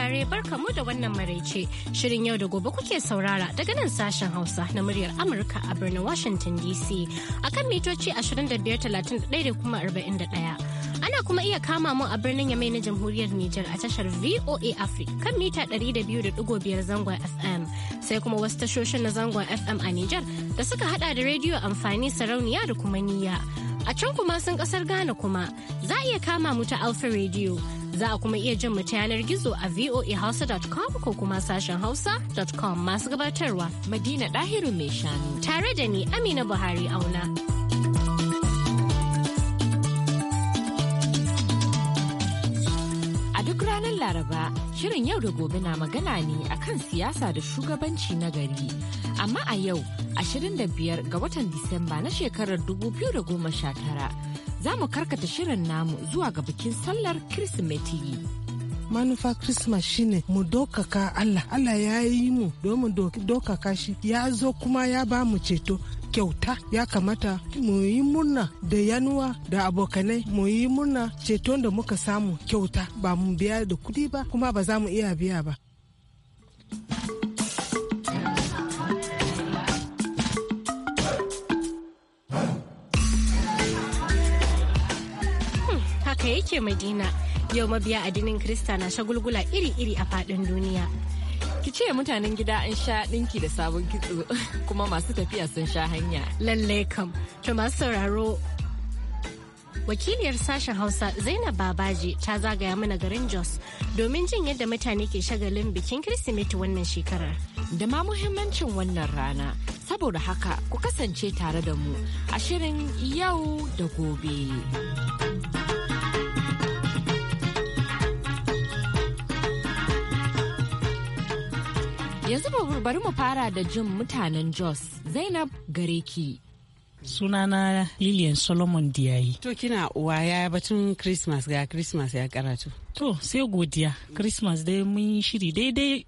saurare barkamu da wannan maraice shirin yau da gobe kuke saurara daga nan sashen Hausa na muryar Amurka a birnin Washington DC akan mitoci 2531 da kuma 41. Ana kuma iya kama mu a birnin Yamai na Jamhuriyar Nijar a tashar VOA Africa kan mita 200.5 zangon FM sai kuma wasu tashoshin na zangon FM a Nijar da suka hada da rediyo amfani sarauniya da kuma niyya. A can kuma sun kasar Ghana kuma za a iya kama mu ta Alfa rediyo. Za a kuma iya jin mu ta yanar gizo a voahausa.com ko kuma sashen hausa.com masu gabatarwa Madina Dahiru mai shanu tare da ni Amina Buhari auna. A duk ranar Laraba, shirin yau da gobe na magana ne akan siyasa da shugabanci na gari. Amma a yau, 25 ga watan Disamba na shekarar 2019. za mu karkata shirin namu zuwa ga bikin sallar Kirsimeti. manufa Christmas shine mu dokaka Allah. Allah ya yi mu domin dokaka shi ya zo kuma ya ba mu ceto kyauta ya kamata mu yi murna da yanuwa da abokanai mu yi murna ceton da muka samu kyauta ba mu biya da kudi ba kuma ba za mu iya biya ba. da yake Madina. Yau mabiya addinin Krista na shagulgula iri-iri a fadin duniya. Ki ce mutanen gida an sha ɗinki da sabon kitso kuma masu tafiya sun sha hanya. Lalle kam, to masu sauraro Wakiliyar sashen Hausa Zainab Babaji ta zagaya mana garin Jos domin jin yadda mutane ke shagalin bikin Kirsimeti wannan shekarar. Da ma muhimmancin wannan rana, saboda haka ku kasance tare da mu a shirin yau da gobe. Yanzu bari mu fara da jin mutanen Jos Zainab Gareki. sunana lilian solomon diyayi to kina uwa ya batun christmas ga christmas ya karatu to sai godiya christmas dai mun shiri daidai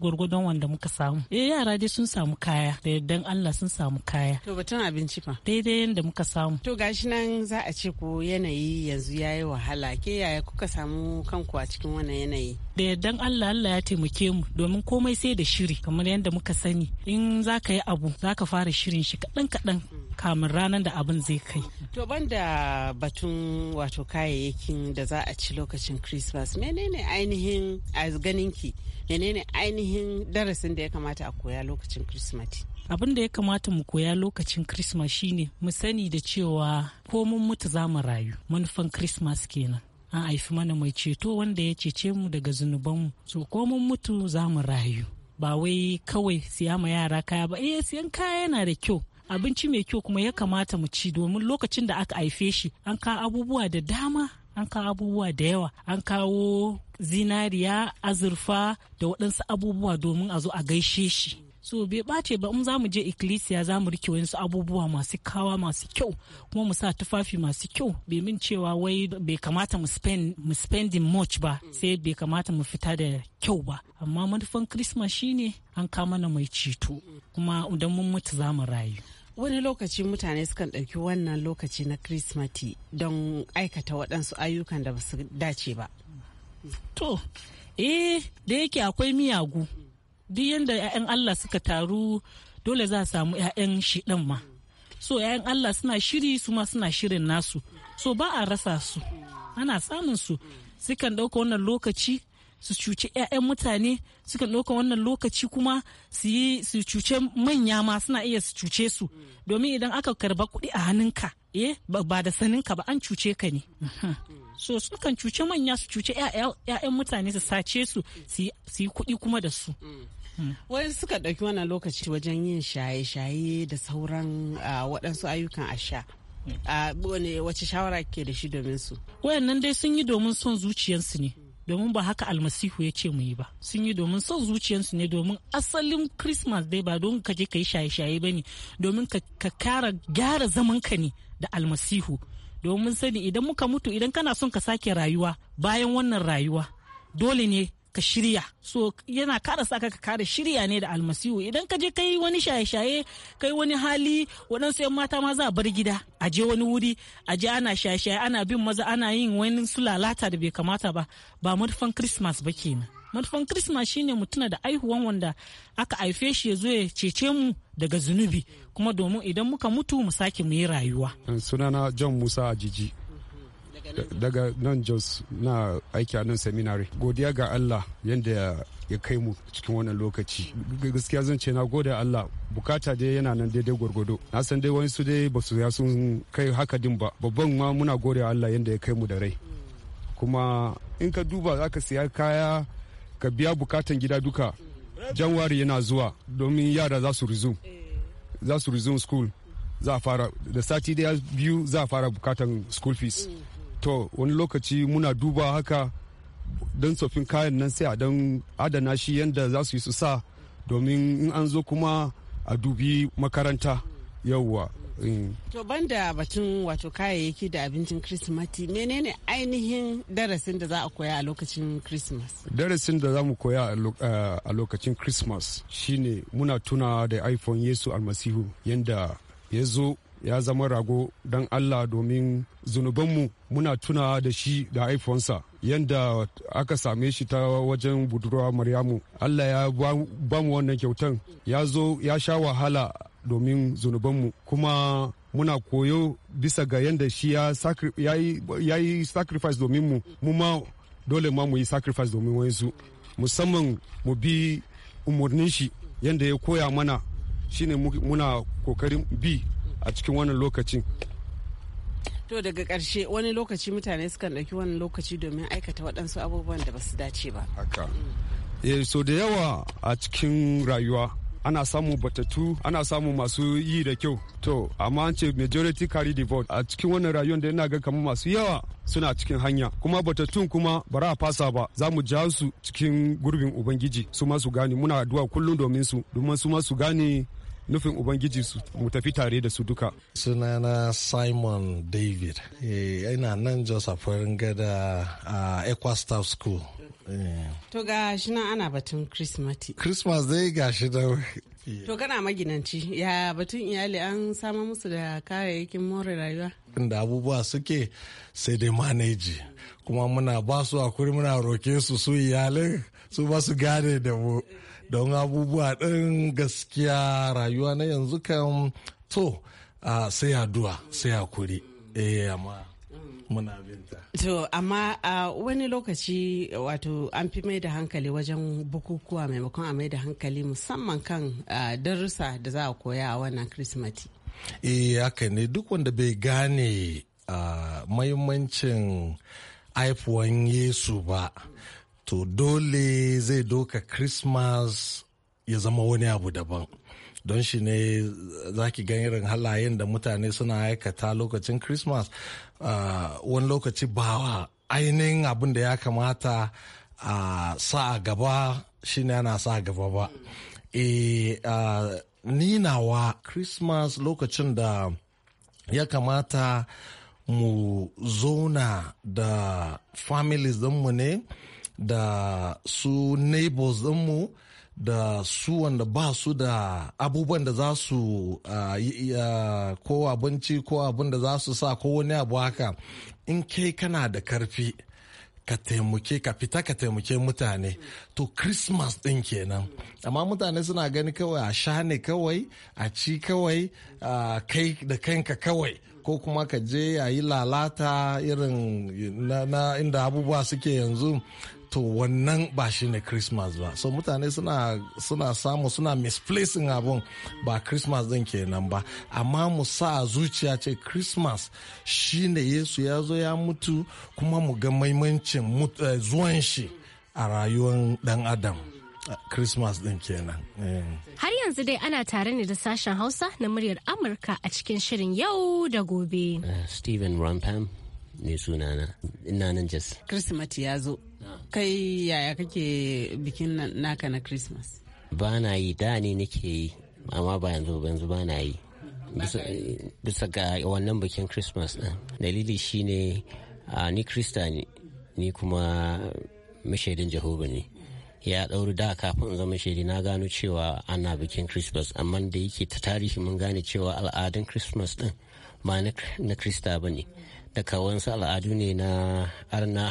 gwargwadon wanda muka samu e yara dai sun samu kaya da yardan allah sun samu kaya to batun abinci fa daidai yadda muka samu to gashi nan za a ce ko yanayi yanzu ya yi wahala ke yaya kuka samu kanku a cikin wannan yanayi da yardan allah allah ya taimake mu domin komai sai da shiri kamar yadda muka sani in za ka yi abu za ka fara shirin shi kaɗan kaɗan kamin ranar da abin zai kai. To da batun wato kayayyakin da za a ci lokacin Christmas menene ainihin a ganinki menene ainihin darasin da ya kamata a koya lokacin Christmas? Abin da ya kamata mu koya lokacin Christmas shine mu sani da cewa ko mun mutu za mu rayu manufan Christmas kenan. An haifi mana mai ceto wanda ya cece mu daga zunubanmu. So ko mun mutu za mu rayu. Ba wai kawai siya ma yara kaya ba, eh siyan kaya yana da kyau. abinci mai kyau kuma ya kamata mu ci domin lokacin da aka haife shi an kawo abubuwa da dama an kawo abubuwa da yawa an kawo zinariya azurfa da waɗansu abubuwa domin a zo a gaishe shi so bai ɓace ba in za mu je ikkilisiya za mu rike wayansu abubuwa masu kawa masu kyau kuma mu sa tufafi masu kyau bai min cewa wai bai kamata mu spend mu spending much ba sai bai kamata mu fita da kyau ba amma manufan christmas shine an kama na mai ceto kuma idan mun mutu za mu rayu wani lokaci mutane sukan ɗauki wannan lokaci na kirismati don aikata waɗansu ayyukan da ba su dace ba to eh da yake akwai miyagu duk yadda 'ya'yan allah suka taru dole za a samu 'ya'yan shi shiɗan ma so 'ya'yan allah suna shiri su ma suna shirin nasu so ba a rasa su ana samun su sukan ɗauka wannan lokaci su cuci 'ya'yan mutane sukan ɗauka wannan lokaci kuma su yi su cuce manya ma suna iya su cuce su domin idan aka karba kuɗi a hannunka eh ba da saninka ba an cuce ka ne so sukan cuce manya su cuce 'ya'yan mutane su sace su su yi kuɗi kuma da su hmm. wai suka ɗauki wannan lokaci wajen yin shaye-shaye da sauran waɗansu ayyukan a sha a wace shawara ke da shi domin su wayannan dai sun yi domin son zuciyarsu ne domin ba haka almasihu ya ce mu yi ba sun yi domin son zuciyarsu ne domin asalin christmas dai ba don ka je ka yi shaye-shaye ba ne domin ka kara gyara zamanka ne da almasihu domin sani idan muka mutu idan kana son ka sake rayuwa bayan wannan rayuwa dole ne ka shirya so yana kara sa ka kare shirya ne da almasihu idan ka je ka wani shaye-shaye kai wani hali waɗansu 'yan mata ma za a bar gida a je wani wuri a je ana shaye-shaye ana bin maza ana yin wani su lalata da bai kamata ba ba murfan christmas ba kenan manufan Christmas shine mu tuna da aihuwan wanda aka haife shi ya zo ya cece mu daga zunubi kuma domin idan muka mutu mu sake mu yi rayuwa. Sunana John Musa Ajiji. daga nan jos na aiki a nan seminary godiya ga allah yadda ya kai mu cikin wannan lokaci gaskiya zan ce na gode allah bukata dai yana nan daidai gwargwado na san dai wani su dai ba su ya sun kai haka din ba babban ma muna gode allah yadda ya kai mu da rai kuma in ka duba za ka siya kaya ka biya bukatan gida duka janwari yana zuwa domin yara za su resume eh. za su resume school za a fara da sati daya biyu za a fara bukatan school fees mm. to wani lokaci muna duba haka don tsofin kayan nan sai a don adana shi yadda za su yi su sa domin in an zo kuma a dubi makaranta yauwa eh. to banda batun wato kayayyaki da abincin krismati menene ainihin darasin da za a koya a lokacin christmas darasin da za mu koya a lokacin christmas shine muna tuna da iphone yesu almasihu yadda ya zo ya zama rago don Allah domin zunubanmu muna tuna da shi da haifonsa yadda aka same shi ta wajen budurwa Maryamu. Allah ya ba mu wannan kyautan ya zo ya sha wahala domin zunubanmu kuma muna koyo bisa ga yadda shi ya yi sacrifice domin mu mu ma dole ma mu yi sacrifice domin wayansu musamman mu bi umarnin shi yadda ya koya mana shine muna kokarin bi a cikin wannan lokacin to daga karshe wani lokaci mutane sukan ɗauki wannan lokaci domin aikata waɗansu abubuwan da ba su dace ba haka mm. eh, so da yawa a cikin rayuwa ana samun batatu ana samun masu yi da kyau to amma an ce majority carry the vote a cikin wannan rayuwar da ina ga kamar masu yawa suna cikin hanya kuma batatun kuma bara a fasa ba za mu ja su cikin gurbin ubangiji su ma su gane muna addu'a kullum domin su domin su ma su gane nufin ubangiji su mu tafi tare da su duka sunana simon david eh, ina nan joseph gada a staff school eh. to ga shi nan ana batun Christmas. christmas dai ga shi da to kana maginanci ya batun iyali an samar musu da kayayyakin more rayuwa da abubuwa suke sai dai maneji kuma muna basu kuri muna roke su su iyalin su basu su gane da mu don abubuwa ɗin gaskiya rayuwa na yanzu kan to sai addu'a sai hakuri eh amma muna binta. To, amma wani lokaci wato an fi mai da hankali wajen bukukuwa maimakon a mai da hankali musamman kan darussa da za a koya a wannan Kirsimati. Eh, haka ne duk wanda bai gane uh, mahimmancin haifuwan Yesu ba. to dole zai doka christmas ya zama wani abu daban don shi ne za ki gan irin halayen da mutane suna aikata lokacin christmas ah, wani lokaci bawa ainihin abin da ya kamata a sa gaba ne ana sa a gaba ba e ni nawa christmas lokacin da ya kamata mu zauna da families mu ne da su neighbors mu da su wanda ba su da abubuwan da za su ko abinci ko abin da za su sa ko wani abu haka in kai kana da karfi ka taimake ka fita ka taimake mutane to christmas din kenan amma mutane suna gani kawai a sha ne kawai a ci kawai kai da kanka kawai ko kuma ka je a yi lalata irin na inda abubuwa suke yanzu to wannan ba shi ne christmas ba so mutane suna suna samu suna misplacing abun ba christmas din kenan ba amma mu sa zuciya ce christmas ne yesu ya zo ya mutu kuma mu ga maimancin eh, zuwan shi a rayuwar dan adam christmas din kenan eh. har yanzu dai ana tare ne da sashen hausa na muryar amurka a cikin shirin yau da gobe eh, stephen rampam ne sunana ina nan jas christmas ya zo ah. kai yaya kake bikin naka na christmas ba na yi da ne nake yi amma ba yanzu ba yanzu ba na yi bisa ga wannan bikin christmas din dalili shine ni krista ne ni kuma mashaidin jehova ne ya ɗauri da kafin zama shaidi na gano cewa ana bikin christmas amma da yake ta tarihi mun gane cewa al'adun christmas din ba na krista ba ne da kawansu al'adu ne na arna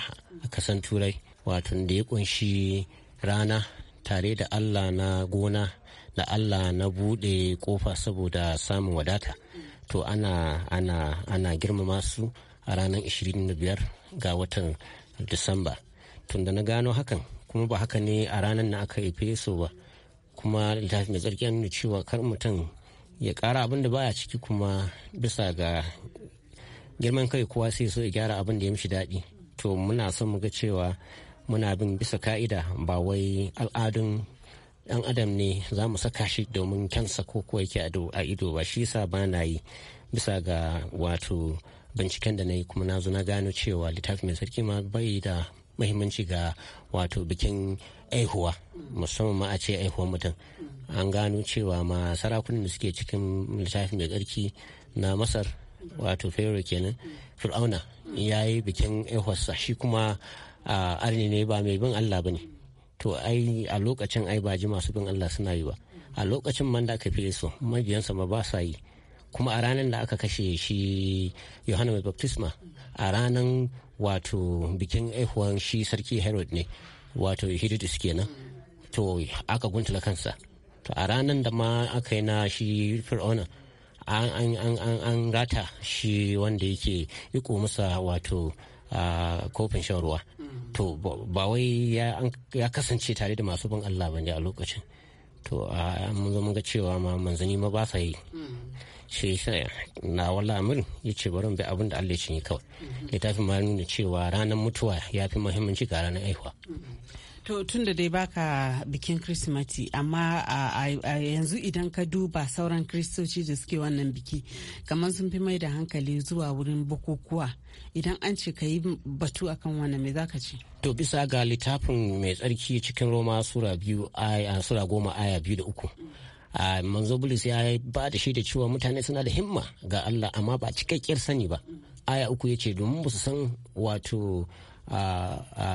a kasan turai wato da ya kunshi rana tare da allah na gona da allah na bude kofa saboda samun wadata to ana ana ana girmama su a ranar 25 ga watan disamba tunda na gano hakan kuma ba haka ne a ranar na aka ife so ba kuma littafi mai tsarki nuna cewa kar mutum ya kara abin da baya ciki kuma bisa ga girman kai kowa sai so ya gyara abin da ya mishi daɗi to muna son muga cewa muna bin bisa ka'ida ba wai al'adun ɗan adam ne za mu saka shi domin kyansa ko kuwa yake a ido ba shi sa ba na yi bisa ga wato binciken da na yi kuma na zo na gano cewa littafi mai sarki ma bai da mahimmanci ga wato bikin aihuwa musamman ma a ce aihuwar mutum an gano cewa ma sarakunan da suke cikin littafi mai tsarki na masar wato fero kenan fir'auna ya yi bikin ehwasa shi kuma a arni ne ba mai bin allah ba ne to ai a lokacin ai baji masu bin allah suna yi ba a lokacin man da aka fiye su mabiyansa ma ba sa yi kuma a ranar da aka kashe shi yohana mai baptisma a ranar wato bikin aihuwan shi sarki herod ne wato herodis kenan to aka guntula kansa to a ranar da ma aka yi na shi fir'auna an rata shi wanda yake iko masa wato a kofin shan ruwa mm. to ba wai ya kasance tare da masu bin Allah bane a lokacin to a mun zo mun ga cewa ma manzani ma ba sa yi mm. shi na wala amir ya ce bari bi abin da Allah ya kawai mm-hmm. littafin ma nuna cewa ranar mutuwa ya fi muhimmanci ga ranar aihuwa mm-hmm. To tun da dai baka bikin Kirsimati amma a yanzu idan ka duba sauran kiristoci da suke wannan biki kamar sun fi mai da hankali zuwa wurin bukukuwa idan an ce ka yi batu akan wannan me zaka ce? To bisa ga littafin mai tsarki cikin Roma sura biyu sura goma aya biyu da uku. a manzo bulus ya ba da shi da cewa mutane suna da himma ga Allah amma ba cikakkiyar sani ba aya uku ya ce domin ba su san wato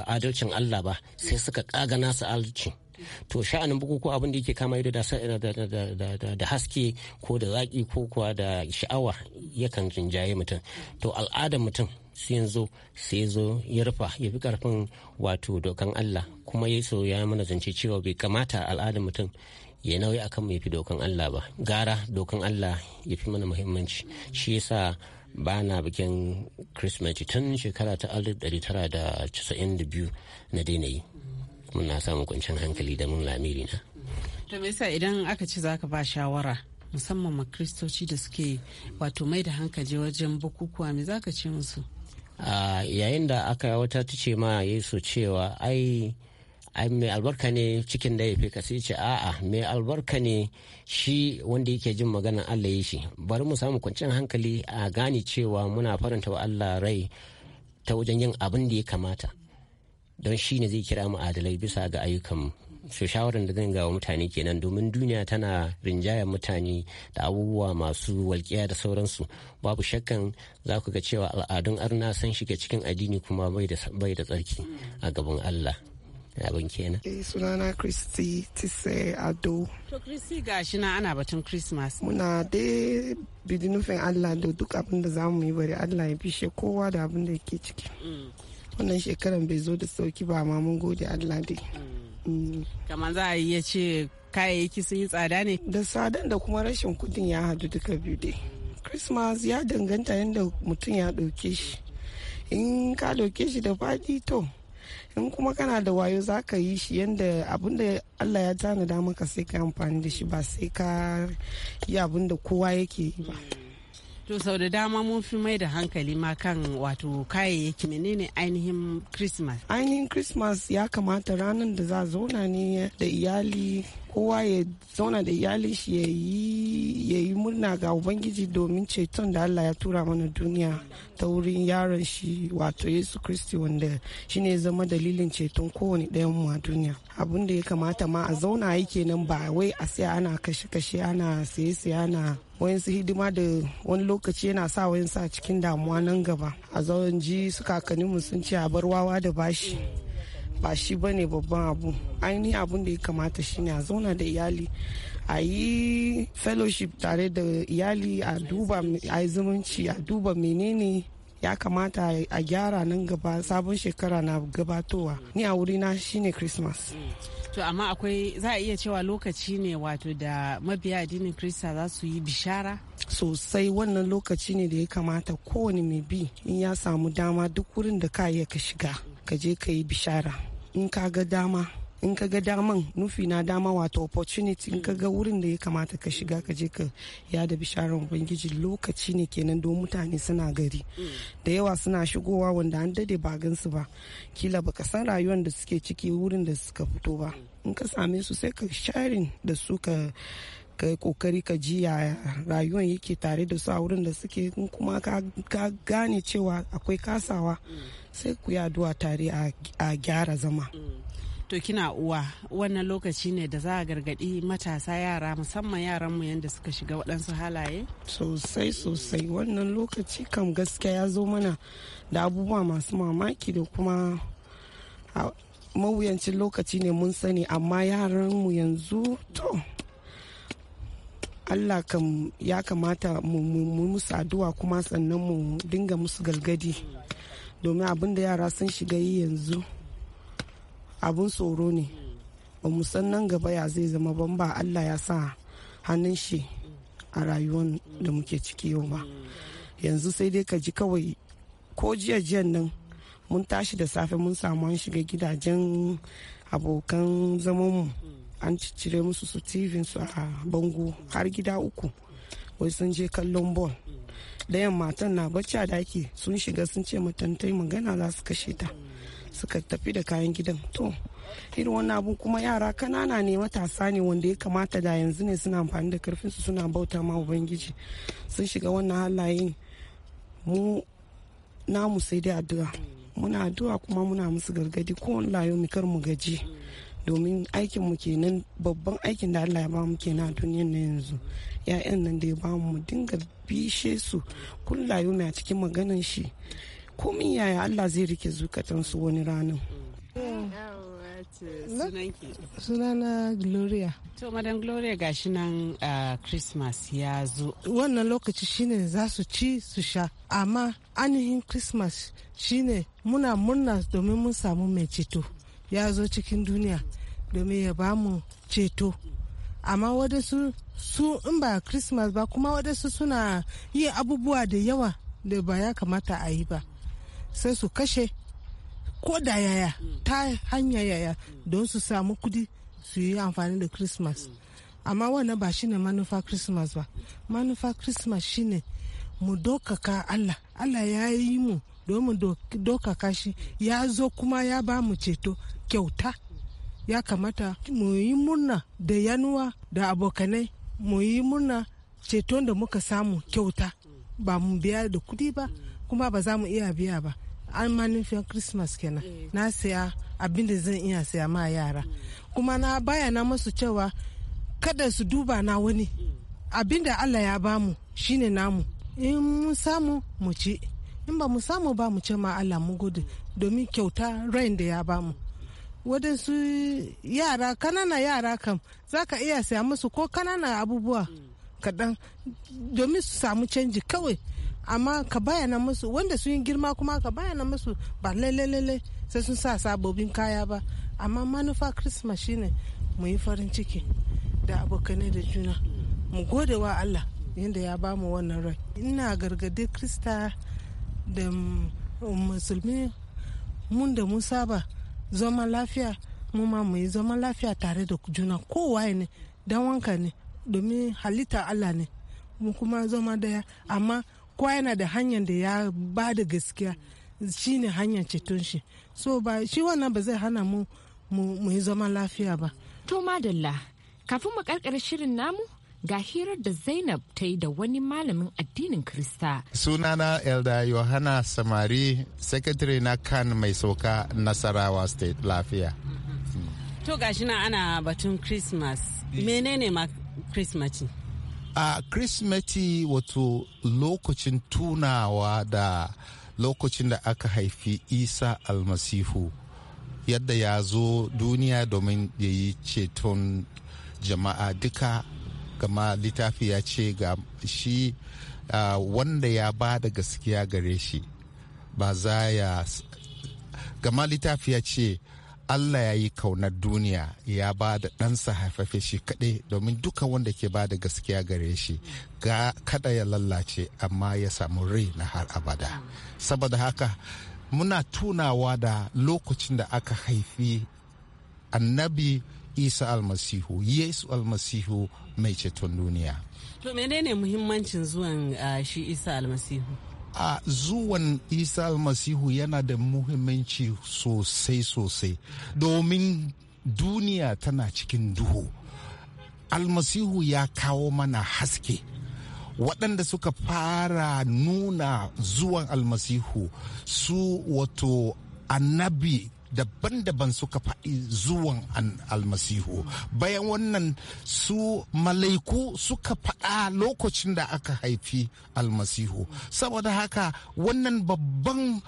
adalcin Allah ba sai suka kaga nasu adalcin to sha'anin bukukuwa abin da yake kama ido da haske ko da zaƙi ko kuwa da sha'awa yakan jinjaye mutum to al'adar mutum sai yanzu sai zo ya rufa ya fi karfin wato dokan Allah kuma ya so ya mana zance cewa bai kamata al'adar mutum ya nauyi akan mai fi dokan Allah ba gara dokan Allah ya fi mana muhimmanci shi yasa bana bikin Kirsimeti tun shekara ta 1992 na daina yi. Muna samun kwanciyar hankali da mun lamiri na. To me yasa idan aka za zaka ba shawara musamman ma kristoci da suke wato mai da hankali wajen bukukuwa me zaka ce musu? yayin da aka wata ta ce ma Yesu cewa ai ai mai albarka ne cikin da ya fi ka sai ce a'a mai albarka ne shi wanda yake jin maganar Allah ya shi bari mu samu kwanciyar hankali a gane cewa muna faranta wa Allah rai ta wajen yin abin da ya kamata don shi ne zai kira mu adalai bisa ga ayyukan su shawarar da zan gawa mutane kenan domin duniya tana rinjaya mutane da abubuwa masu walƙiya da sauransu babu shakkan za ku ga cewa al'adun arna san shiga cikin addini kuma bai da tsarki a gaban Allah. abin kenan eh sunana kristi tise ado to kristi gashi na ana batun christmas muna dai bidi nufin allah da duk abin da zamu yi bari allah ya bishe kowa da abin da yake ciki mm. wannan shekaran bai zo da sauki ba ma mun gode allah dai mm. mm. kamar za a iya ce kayayyaki sun yi tsada ne da tsadan da kuma rashin kudin ya hadu duka biyu dai christmas ya danganta yadda mutum ya ɗauke shi in ka ɗauke shi da faɗi to in kuma kana da wayo za ka yi shi yadda abinda allah ya tanada maka sai ka amfani da shi ba sai ka yi abinda kowa yake yi ba to sau da dama mun fi mai da hankali ma kan wato kayayyaki menene ainihin christmas ainihin christmas ya kamata ranar da za zauna ne da iyali kowa ya zauna da iyalin shi ya yi murna ga ubangiji domin ceton da allah ya tura mana duniya ta wurin yaron shi wato yesu kristi wanda shine zama dalilin ceton kowane ɗayan mu a duniya abin da ya kamata ma a zauna yake nan ba wai a sai ana kashe-kashe ana saye-saye ana wayansu hidima da wani lokaci yana sa wayansu a cikin damuwa nan gaba a zaun ji su kakanninmu sun ce a bar wawa da bashi ba shi ba ne babban abu ainihin abun da ya kamata shine a zauna da iyali a yi fellowship tare da iyali a duba a yi zumunci a duba menene ya kamata a gyara nan gaba sabon shekara na gabatowa ni a wurina shine christmas to amma akwai za a iya cewa lokaci ne wato da mabiya addinin krista za su yi bishara sosai wannan lokaci ne da ya kamata kowane mai bi in ya samu dama duk wurin da ka iya ka shiga ka je ka yi bishara in ka ga dama in ka ga daman nufi na dama wato opportunity in ka ga wurin da ya kamata ka shiga ka je ka yada bisharar ubangiji lokaci ne kenan don mutane suna gari da yawa suna shigowa wanda an dade ba gansu ba kila baka san rayuwar da suke ciki wurin da suka fito ba in ka same su sai ka sharing da su ka ka yi kokari ka ji ya rayuwan yake tare da su a wurin da suke kuma ka gane cewa akwai kasawa sai ku yi addu'a tare a gyara zama to kina uwa wannan lokaci ne da za a gargadi matasa yara musamman yaran mu yadda suka shiga waɗansu halaye sosai sosai wannan lokaci kam gaskiya ya zo mana da abubuwa masu mamaki da kuma mawuyancin lokaci ne mun sani amma yaran mu yanzu to allah ya kamata mu musu addu'a kuma sannan mu dinga musu galgadi domin abin da yara sun shiga yi yanzu abin tsoro ne ba mu san nan gaba ya zai zama ban ba allah ya sa hannun shi a rayuwar da muke ciki yau ba yanzu sai dai ka ji kawai ko jiya jiyan nan mun tashi da safe mun samu an shiga gidajen abokan zamanmu an ciccire musu su tivin su a bango har gida uku wai sun je kallon ball dayan matan na bacci a daki sun shiga sun ce matantai magana za su kashe ta suka tafi da kayan gidan to irin wannan abun kuma yara kanana ne matasa ne wanda ya kamata da yanzu ne suna amfani da karfin su suna bauta ma ubangiji sun shiga wannan halayen mu namu sai dai addu'a muna addu'a kuma muna musu gargadi ko layo mu kar mu gaji domin aikin mu kenan babban aikin da Allah ya ba mu kenan a duniyar na yanzu ya'yan nan da ya ba mu dinga bishe su kullayo mai a cikin maganan shi komin yaya Allah zai rike zukatansu wani ranar sunana gloria to madam gloria gashi nan uh, christmas ya zo wannan lokaci shine za su ci su sha amma ainihin christmas shine muna murna domin mun samu mai ceto ya zo cikin duniya domin ya ba mu ceto amma waɗansu su in ba christmas ba kuma waɗansu suna yi abubuwa da yawa da ba ya kamata a yi ba sai su kashe ko da yaya ta hanya yaya don su samu kudi su yi amfani da christmas amma wannan ba shi ne manufa christmas ba manufa christmas shine mu dokaka allah allah ya yi mu domin doka kashi ya zo kuma ya ba mu ceto kyauta ya kamata mu yi murna da yanuwa da abokanai mu yi murna ceton da muka samu kyauta ba mu biya da kudi ba kuma ba za mu iya biya ba an ma nufin christmas kenan eh. na saya abin da zan iya saya ma yara kuma na bayana masu cewa kada su duba na wani eh. abin da allah ya bamu shine namu in mun samu mu ci in ba mu samu ba mu ce ma Allah mu gode domin kyauta rain da ya bamu wadansu yara kanana yara kam za ka iya saya musu ko kanana abubuwa kaɗan domin su samu canji kawai amma ka bayana musu wanda sun yi girma kuma ka bayana musu ba lalle sai sun sa sabobin kaya ba amma manufa christmas shine mu yi farin ciki da abokane da juna mu gode wa allah yadda ya bamu wannan rai ina gargade krista da mm, mm, musulmi mun da musa ba zama lafiya mu ma mu yi zama lafiya tare da juna kowa ne dan wanka ne domin halitta Allah ne mu kuma zama daya amma kowa yana da hanyar da ya ba da gaskiya shi ne hanyar ceton shi so ba shi wannan ba zai hana mu mu yi zama lafiya ba to madalla kafin mu karkar shirin namu ga hirar da zainab ta yi da wani malamin addinin krista sunana elda yohana samari secretary na kan mai sauka nasarawa state lafiya mm-hmm. to gashi na ana batun christmas menene ma christmas a Christmas wato lokacin tunawa da lokacin da aka haifi isa almasihu yadda ya zo duniya domin ya yi ceton jama'a duka kama littafi ya ce ga shi wanda ya ba da gaskiya gare shi ba za ya gama littafi ya ce Allah ya yi kaunar duniya ya ba da ɗansa haifafe shi kaɗai domin duka wanda ke ba da gaskiya gare shi ga kada ya lallace amma ya samu rai na har abada saboda haka muna tunawa da lokacin da aka haifi annabi isa almasihu yesu almasihu mai ceton duniya to menene muhimmancin zuwan ah, shi isa almasihu a zuwan isa almasihu yana da muhimmanci sosai sosai domin duniya tana cikin duhu almasihu ya kawo mana haske waɗanda suka fara nuna zuwan almasihu su wato annabi daban-daban suka faɗi zuwan almasihu bayan wannan su malaiku suka faɗa lokacin da aka haifi almasihu saboda haka wannan babban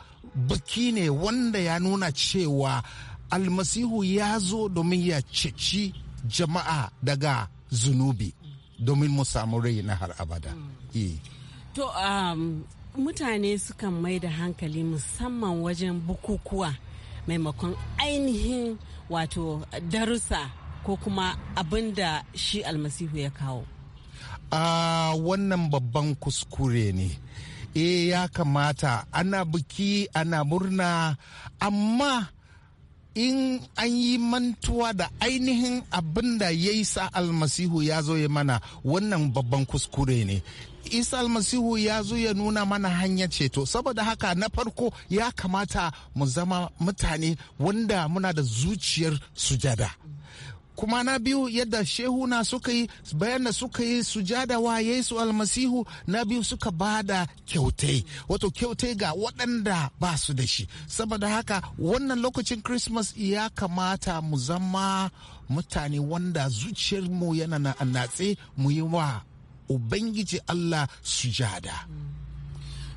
biki ne wanda ya nuna cewa almasihu ya zo domin ya ceci jama'a daga zunubi domin mu samu rai na har abada. Hmm. Eh. To um, mutane sukan mai da hankali musamman wajen bukukuwa. maimakon ainihin wato darussa ko kuma abin da shi almasihu ya kawo a wannan babban kuskure ne e ya kamata ana biki ana murna amma in an yi mantuwa da ainihin abin da ya yi sa almasihu ya zo ya mana wannan babban kuskure ne isa almasihu ya zo ya nuna mana hanyar ceto saboda haka na farko ya kamata mu zama mutane wanda muna da zuciyar sujada kuma na biyu yadda shehuna suka yi bayan da suka yi sujada wa yesu almasihu na biyu suka ba da kyautai wato kyautai ga waɗanda ba su da shi saboda haka wannan lokacin christmas ya kamata mu zama mutane wanda mu yana na natse mu yi wa ubangiji allah su sujada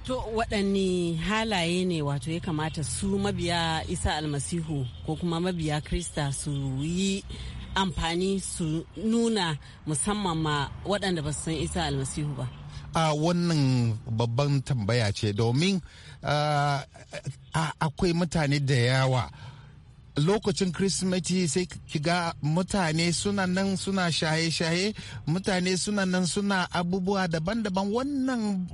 to waɗanne halaye ne wato ya kamata su mabiya isa almasihu ko kuma mabiya krista su yi amfani su nuna musamman ma waɗanda ba su san isa almasihu ba a wannan babban tambaya ce domin akwai mutane da yawa lokacin kirsimeti sai kiga mutane suna nan suna shaye-shaye mutane suna nan suna abubuwa daban-daban wannan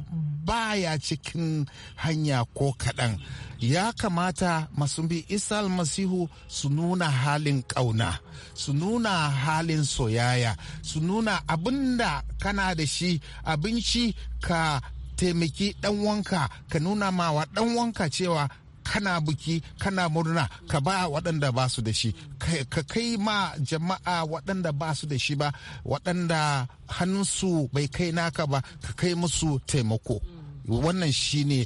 baya cikin hanya ko kaɗan ya kamata masu bi isa almasihu su nuna halin ƙauna su nuna halin soyaya su nuna abinda kana da shi abinci ka taimaki ɗanwanka wanka ka nuna mawa ɗan wanka cewa kana buki kana murna ka ba waɗanda ba su da shi ka kai ma jama'a waɗanda ba su da shi ba waɗanda hannunsu bai kai naka ba ka kai musu taimako wannan shine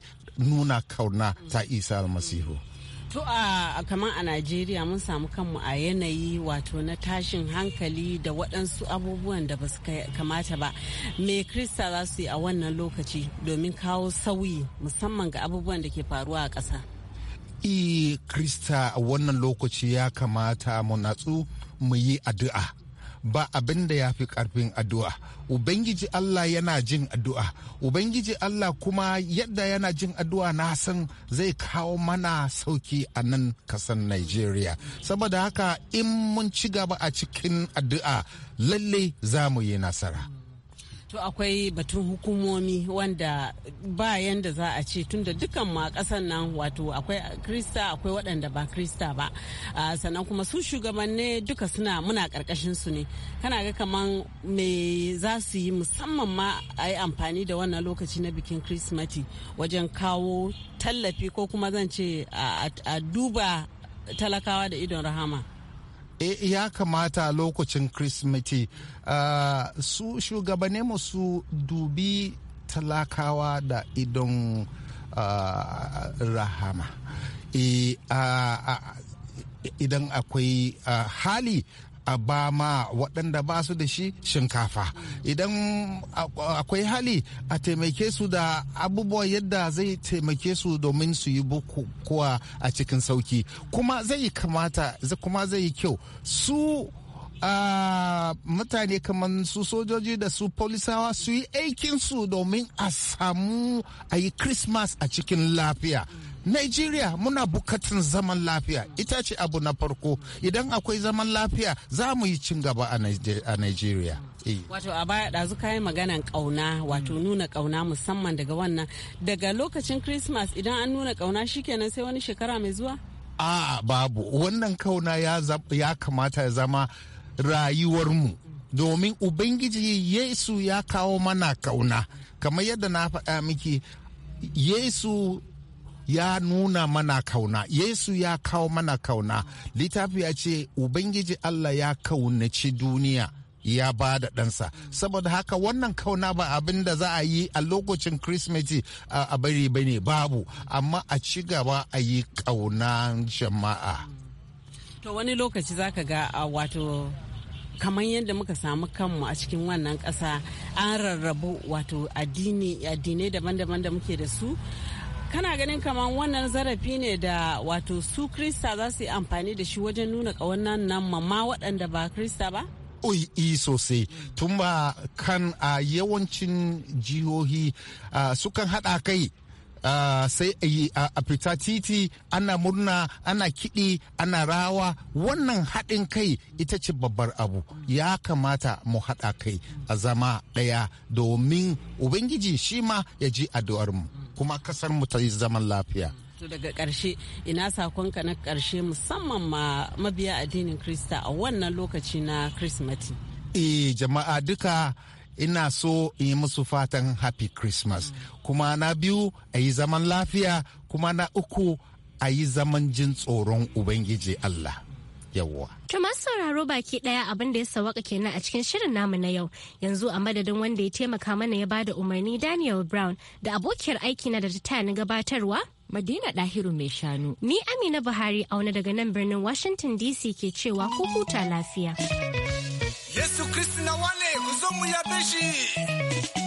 nuna kauna ta isa almasihu to a kamar a najeriya mun samu kanmu a yanayi wato na tashin hankali da waɗansu abubuwan da ba su kamata ba me krista za su yi a wannan lokaci domin kawo sauyi musamman ga abubuwan da ke faruwa a ƙasa i e, krista a wannan lokaci ya kamata mu natsu mu yi addu'a ba abin da ya fi karfin addu'a ubangiji allah yana jin addu'a ubangiji allah kuma yadda yana jin addu'a na san zai kawo mana sauki a nan kasan nigeria saboda haka in mun ci gaba a cikin addu'a lalle za mu yi nasara to akwai batun hukumomi wanda ba yanda za a ce tunda dukan ma kasan nan wato akwai krista akwai waɗanda ba krista ba sannan kuma su shugabanni duka suna muna karkashin su ne kana ga kaman me za su yi musamman ma a yi amfani da wannan lokaci na bikin krismati wajen kawo tallafi ko kuma zan ce a duba talakawa da idon rahama Eh, ya kamata lokacin Kirsimeti ah, su shugabane mu su dubi talakawa da idon ah, rahama. Eh, ah, idan akwai hali a ba ma waɗanda ba su da shi shinkafa idan akwai hali a taimake su da abubuwa yadda zai taimake su domin su yi bukukuwa a cikin sauki kuma zai kamata kuma zai yi kyau su mutane kamar su sojoji da su polisawa su yi aikinsu domin a samu a yi christmas a cikin lafiya Nigeria muna bukatun zaman lafiya ita ce abu na farko idan akwai zaman lafiya za mu yi cin gaba a Nigeria. Eh. Wato a baya ɗazu kayan maganan ƙauna wato nuna ƙauna musamman daga wannan daga lokacin Christmas idan an nuna ƙauna kenan sai wani shekara mai zuwa? A babu wannan kauna ya kamata ya zama rayuwarmu domin Ubangiji Yesu ya kawo mana kauna kamar yadda na faɗa miki Yesu ya nuna mana kauna yesu ya kawo mana kauna littafi ya ce ubangiji allah ya kaunaci duniya ya ba da ɗansa saboda haka wannan kauna ba abin da za a yi a lokacin kirsimeti a bari bane babu amma a ci gaba a yi kauna jama'a to wani lokaci za ka ga wato kamar yadda muka samu kanmu a cikin wannan ƙasa an rarrabu wato addini addinai daban-daban da muke da su kana ganin kamar wannan zarafi ne da wato su krista za su yi amfani da shi wajen nuna kawannan nan mamma waɗanda ba krista ba i sosai tun ba kan a yawancin jihohi sukan haɗa kai sai a fita titi ana murna ana kiɗi ana rawa wannan haɗin kai ita ce babbar abu ya kamata mu haɗa kai a zama ɗaya domin ubangiji shi ma ya ji mu kuma kasar mu ta yi zaman lafiya daga ƙarshe ina sakonka na ƙarshe musamman ma mabiya addinin krista a wannan lokaci na krismati eh jama'a duka ina so in yi musu fatan happy christmas kuma na biyu a yi zaman lafiya kuma na uku a yi zaman jin tsoron ubangiji allah yawwa. To masu sauraro baki daya abin da ya sawaka kenan a cikin shirin namu na yau yanzu a madadin wanda ya taimaka mana ya bada umarni Daniel Brown da abokiyar aiki na da ta taya gabatarwa. Madina Dahiru mai shanu. Ni Amina Buhari auna daga nan birnin Washington DC ke cewa ku huta lafiya. Yesu Kristi na wani manzon mu ya fi shi